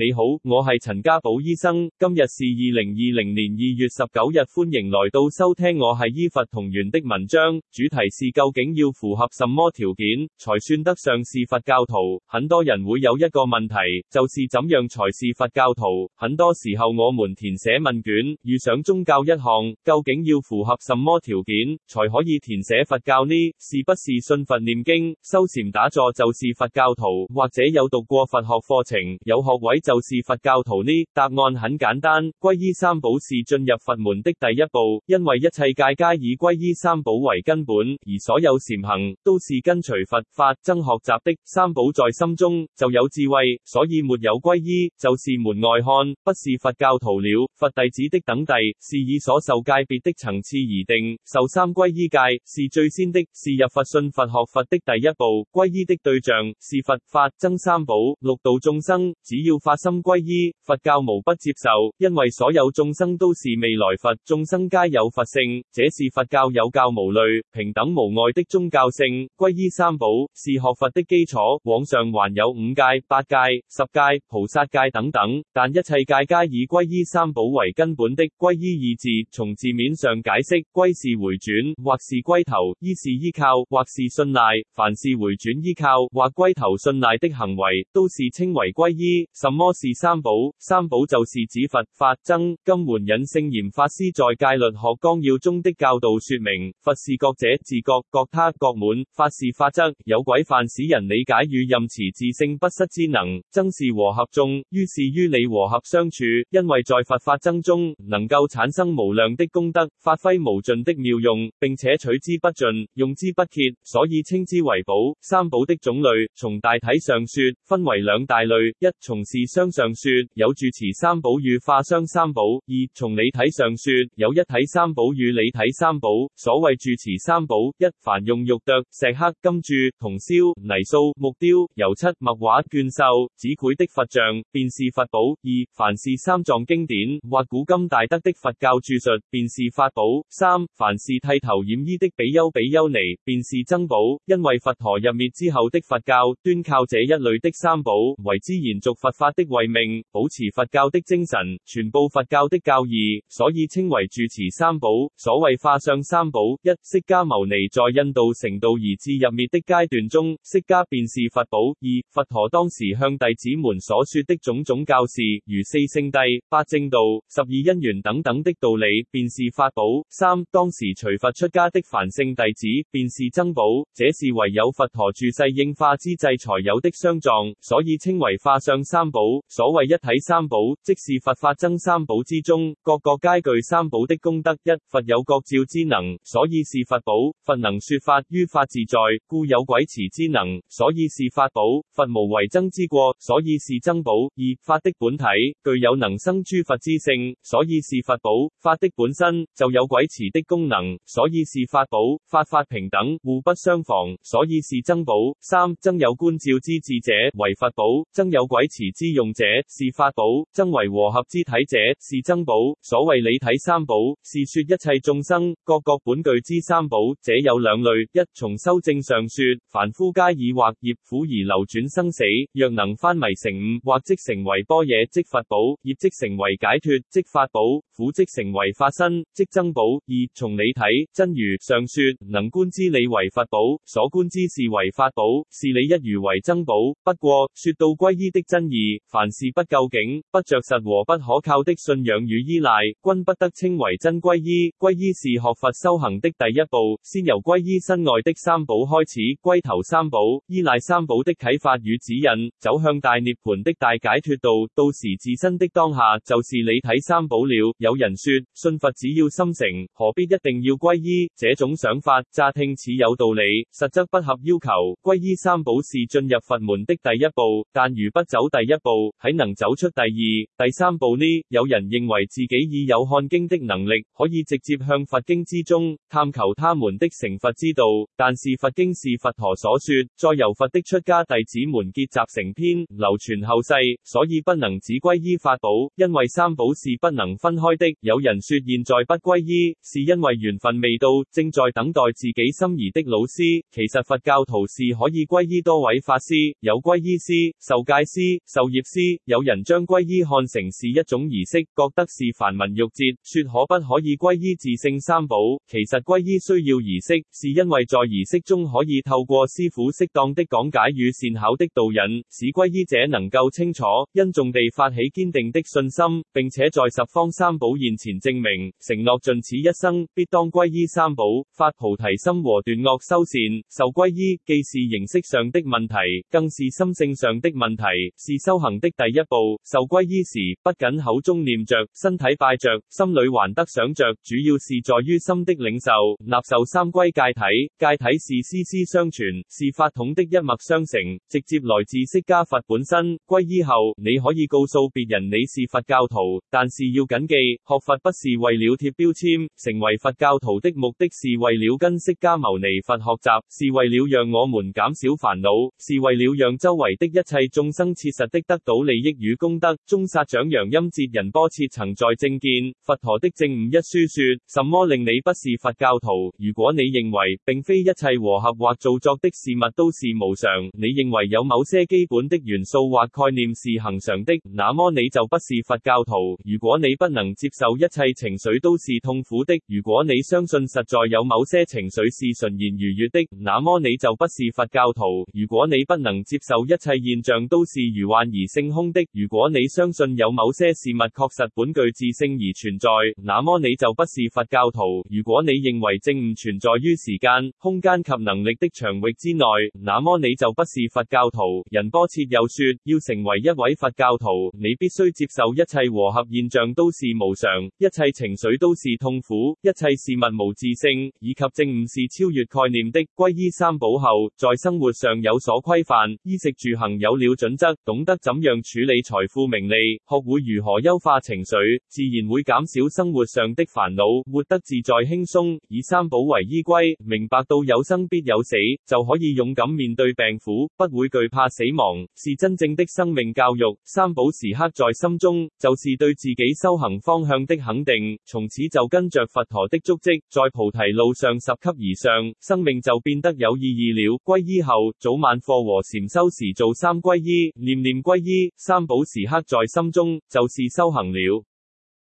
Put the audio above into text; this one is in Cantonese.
你好，我係陳家寶醫生。今日是二零二零年二月十九日，歡迎來到收聽我係醫佛同源的文章。主題是究竟要符合什麼條件才算得上是佛教徒？很多人會有一個問題，就是怎樣才是佛教徒？很多時候我們填寫問卷，遇上宗教一項，究竟要符合什麼條件才可以填寫佛教呢？是不是信佛念經、修禪打坐就是佛教徒？或者有讀過佛學課程、有學位就就是佛教徒呢？答案很簡單，皈依三寶是進入佛門的第一步，因為一切戒皆以皈依三寶為根本，而所有善行都是跟隨佛法僧學習的。三寶在心中就有智慧，所以沒有皈依就是門外漢，不是佛教徒了。佛弟子的等第是以所受戒別的層次而定，受三皈依戒是最先的，是入佛信佛學佛的第一步。皈依的對象是佛法僧三寶、六道眾生，只要發心歸依佛教，無不接受，因為所有眾生都是未來佛，眾生皆有佛性，這是佛教有教無類、平等無礙的宗教性。歸依三寶是學佛的基礎，往上還有五戒、八戒、十戒、菩薩戒等等，但一切戒皆皆以歸依三寶為根本的。歸依二字從字面上解釋，歸是回轉，或是歸頭；依是依靠，或是信賴。凡是回轉、依靠或歸頭信賴的行為，都是稱為歸依。什什麼是三寶？三寶就是指佛法僧。金滿忍聖嚴法師在《戒律學綱要》中的教導說明：佛是覺者自覺覺他覺滿；法是法則有軌範使人理解與任持自性不失之能；僧是和合眾，於是於理和合相處。因為在佛法僧中能夠產生無量的功德，發揮無盡的妙用，並且取之不盡，用之不竭，所以稱之為寶。三寶的種類，從大體上說，分為兩大類：一從事。相上說有住持三寶與化相三寶；二從理體上說有一體三寶與理體三寶。所謂住持三寶，一凡用玉雕、石刻、金鑄、銅燒、泥塑、木雕、油漆、墨畫、絹繡、紙繪的佛像，便是佛寶；二凡是三藏經典或古今大德的佛教著述，便是法寶；三凡是剃頭染衣的比丘、比丘尼，便是僧寶。因為佛陀入滅之後的佛教，端靠這一類的三寶，為之延續佛法。的為命，保持佛教的精神，傳播佛教的教義，所以稱為住持三寶。所謂化相三寶，一釋迦牟尼在印度成道而至入滅的階段中，釋迦便是佛寶；二佛陀當時向弟子們所說的種種教示，如四聖諦、八正道、十二因緣等等的道理，便是法寶；三當時隨佛出家的凡聖弟子，便是僧寶。這是唯有佛陀住世應化之際才有的相狀，所以稱為化相三寶。所謂一體三寶，即是佛法僧三寶之中，各各皆具三寶的功德。一佛有覺照之能，所以是佛寶；佛能說法，於法自在，故有軌持之能，所以是法寶；佛無為諍之過，所以是僧寶。二法的本體具有能生諸佛之性，所以是佛寶；法的本身就有軌持的功能，所以是法寶；法法平等，互不相妨，所以是僧寶。三僧有觀照之智者為佛寶，僧有軌持之用。用者是法寶，僧為和合之體者是僧寶。所謂理體三寶，是說一切眾生各各本具之三寶。這有兩類：一從修證上說，凡夫皆以惑業苦而流轉生死，若能翻迷成悟，惑即成為般若即佛寶，業即成為解脫即法寶，苦即成為法身即僧寶。二從理體真如上說，能觀之理為佛寶，所觀之事為法寶，事理一如為僧寶。不過說到歸依的真義。凡是不究竟、不着實和不可靠的信仰與依賴，均不得稱為真皈依。皈依是學佛修行的第一步，先由皈依身外的三寶開始，歸頭三寶、依賴三寶的啟發與指引，走向大涅槃的大解脱道。到時自身的當下就是你睇三寶了。有人說信佛只要心誠，何必一定要皈依？這種想法乍聽似有道理，實則不合要求。皈依三寶是進入佛門的第一步，但如不走第一步，豈能走出第二、第三步呢？有人認為自己已有看經的能力，可以直接向佛經之中探求他們的成佛之道。但是佛經是佛陀所說，再由佛的出家弟子們結集成篇，流傳後世，所以不能只歸依法寶，因為三寶是不能分開的。有人說現在不歸依，是因為緣分未到，正在等待自己心儀的老師。其實佛教徒是可以歸依多位法師，有歸依師、授戒師、授業。有人將皈依看成是一種儀式，覺得是繁文縟節，說可不可以皈依自性三寶？其實皈依需要儀式，是因為在儀式中可以透過師父適當的講解與善巧的導引，使皈依者能夠清楚、因重地發起堅定的信心，並且在十方三寶現前證明承諾，盡此一生必當皈依三寶，發菩提心和斷惡修善。受皈依既是形式上的問題，更是心性上的問題，是修行。的第一步，受皈依時，不僅口中念着，身體拜着，心裏還得想着，主要是在於心的領受。納受三皈戒體，戒體是絲絲相傳，是法統的一脈相承，直接來自釋迦佛本身。皈依後，你可以告訴別人你是佛教徒，但是要謹記，學佛不是為了貼標籤，成為佛教徒的目的是為了跟釋迦牟尼佛學習，是為了讓我們減少煩惱，是為了讓周圍的一切眾生切實的得到利益與功德，宗薩蔣揚欽哲仁波切曾在正見佛陀的證悟一書說：什麼令你不是佛教徒？如果你認為並非一切和合或造作的事物都是無常，你認為有某些基本的元素或概念是恆常的，那麼你就不是佛教徒。如果你不能接受一切情緒都是痛苦的，如果你相信實在有某些情緒是純然愉悅的，那麼你就不是佛教徒。如果你不能接受一切現象都是如幻而性空的。如果你相信有某些事物確實本具自性而存在，那麼你就不是佛教徒。如果你認為正誤存在於時間、空間及能力的場域之內，那麼你就不是佛教徒。仁波切又說，要成為一位佛教徒，你必須接受一切和合現象都是無常，一切情緒都是痛苦，一切事物無自性，以及正誤是超越概念的。歸依三寶後，在生活上有所規範，衣食住行有了準則，懂得怎樣處理財富名利，學會如何優化情緒，自然會減少生活上的煩惱，活得自在輕鬆。以三寶為依歸，明白到有生必有死，就可以勇敢面對病苦，不會懼怕死亡，是真正的生命教育。三寶時刻在心中，就是對自己修行方向的肯定。從此就跟着佛陀的足迹，在菩提路上拾級而上，生命就變得有意義了。皈依後，早晚課和禪修時做三皈依，念念皈依。三寶時刻在心中，就是修行了。